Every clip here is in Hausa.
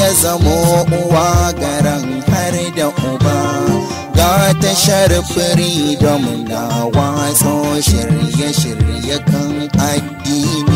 ya zamo uwa garan har da uba ga tashar firidom na watso shirye-shirye kan addini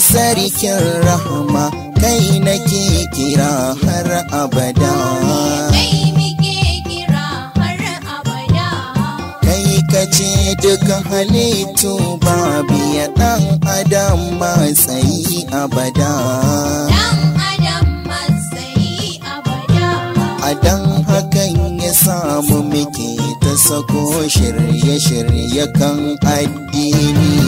sarkin rahama kai nake kira har abada kai kace duka halittu babu ya dan adam matsayi abada Adan hakan ya samu muke ta sako shirye-shirye kan addini.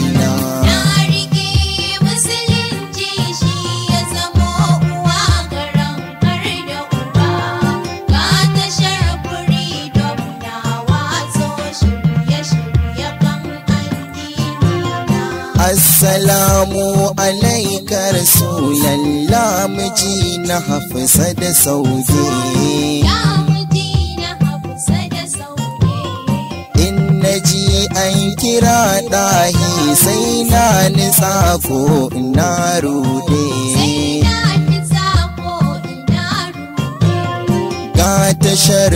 salamu alaika rasulallah miji na hafsa da sauke ji an kira ɗahi sai na nisa ko na rude ga tashar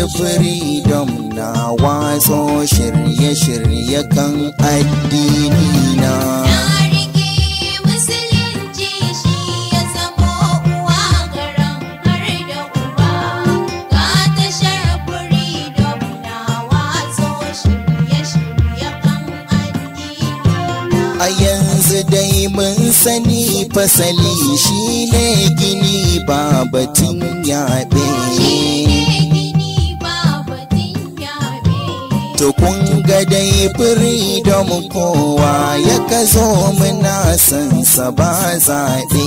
don na waso shirye-shirye kan addini na sani fasali shi ne gini ba batun yaɓe kun ga dai freedom kowa ya ka zo muna san ba zaɓe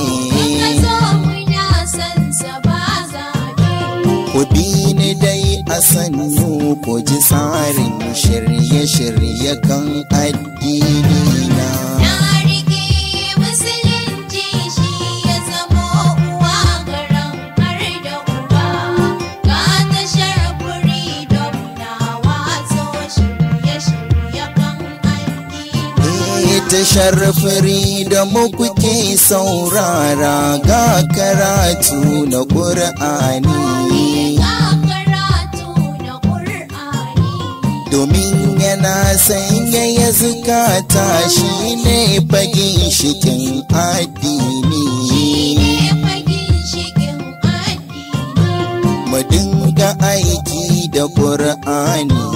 ku bi ni dai a sannu ku ji tsarin shirye-shirye kan addini tashar da kuke saurara ga karatu na ƙur'ani domin yana sanya ya zukata shi ne fagin shikin addini mu dinga aiki da ƙur'ani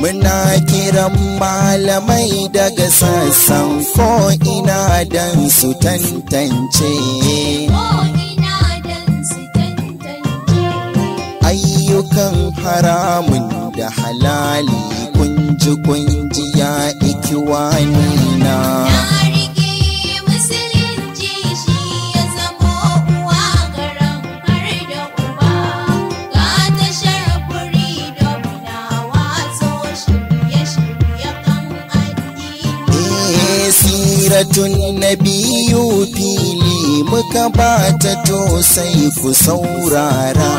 muna kiran malamai daga sassan ko ina don su tantance ayyukan haramun da halali kunji kunji ya ikiwani nina. siratun na biyu fili muka bata to sai ku saurara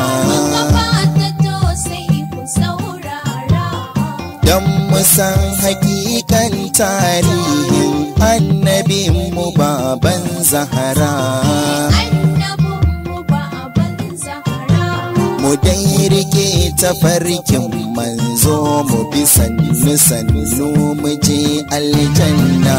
don musan hakikan tarihin annabin mu baban zahara mu dai rike tafarkin manzo mu bi sannu sannu mu je aljanna.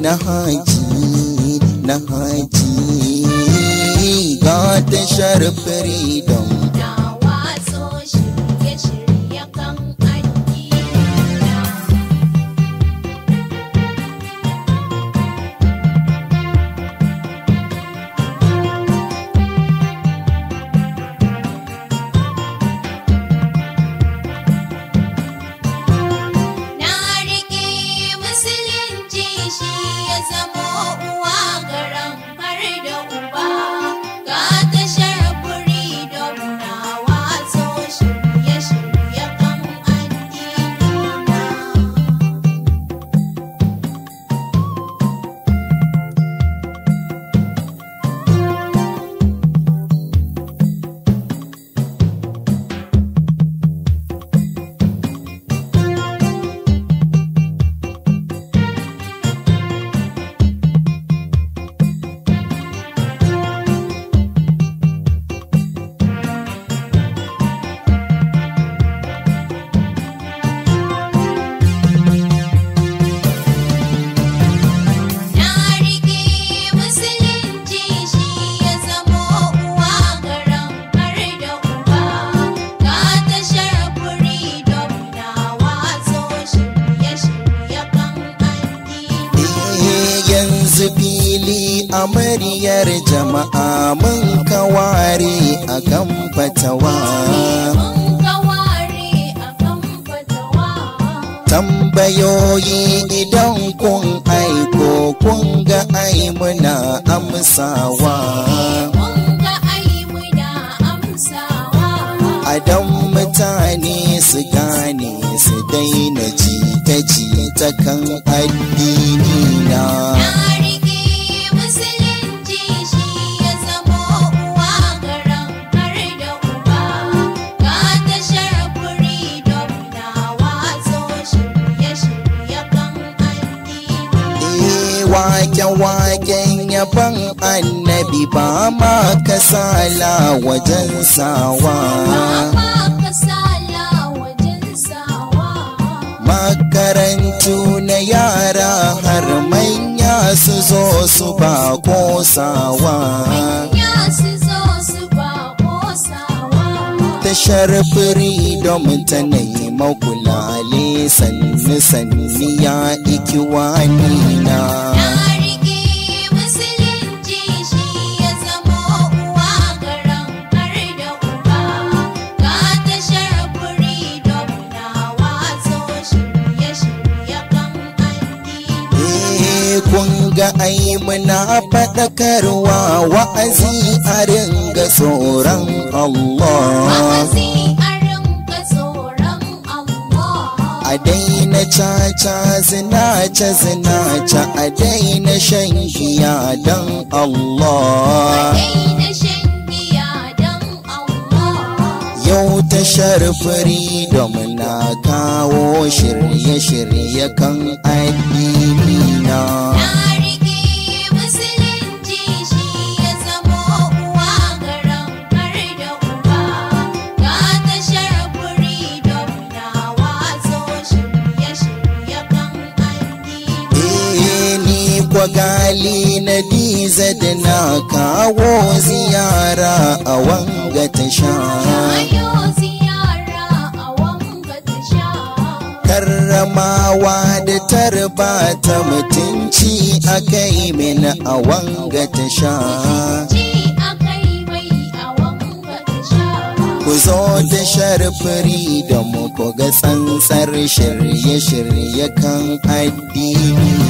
na haji na haji ga amaryar jama'a mun kaware a kan fatawa tambayoyi idan kun aiko kun ga ai muna amsawa adon mutane su gane su daina jita ta kan addini na. waƙen yaban annabi ba ma kasala wajen sawa. makarantu na yara har manya su zo su ba sawa. tashar freedom ta nema kulale sannu sannu ya ikiwa nina ga ai muna faɗakarwa wa'azi a ringa tsoron Allah a daina caca zinace zinace a daina shan giya don Allah yau tashar fari da muna kawo shirye-shirye kan addini na. wa gali na diza da na kawo ziyara a wanga ta sha. karramawa da tarba ta mutunci a kai min a wanga ta sha ku zo da sharfari da muku ga tsantsar shirye-shirye kan addini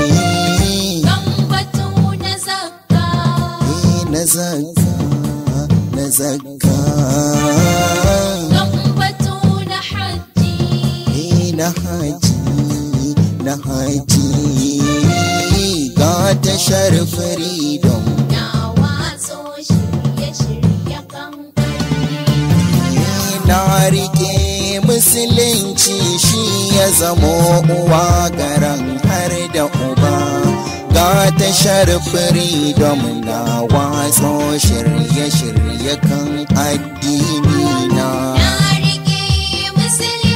na sharfari don na rike musulunci shi ya zamo uwa garan har da uba ga ta sharfari na watso shirye-shirye kan addini na. musulunci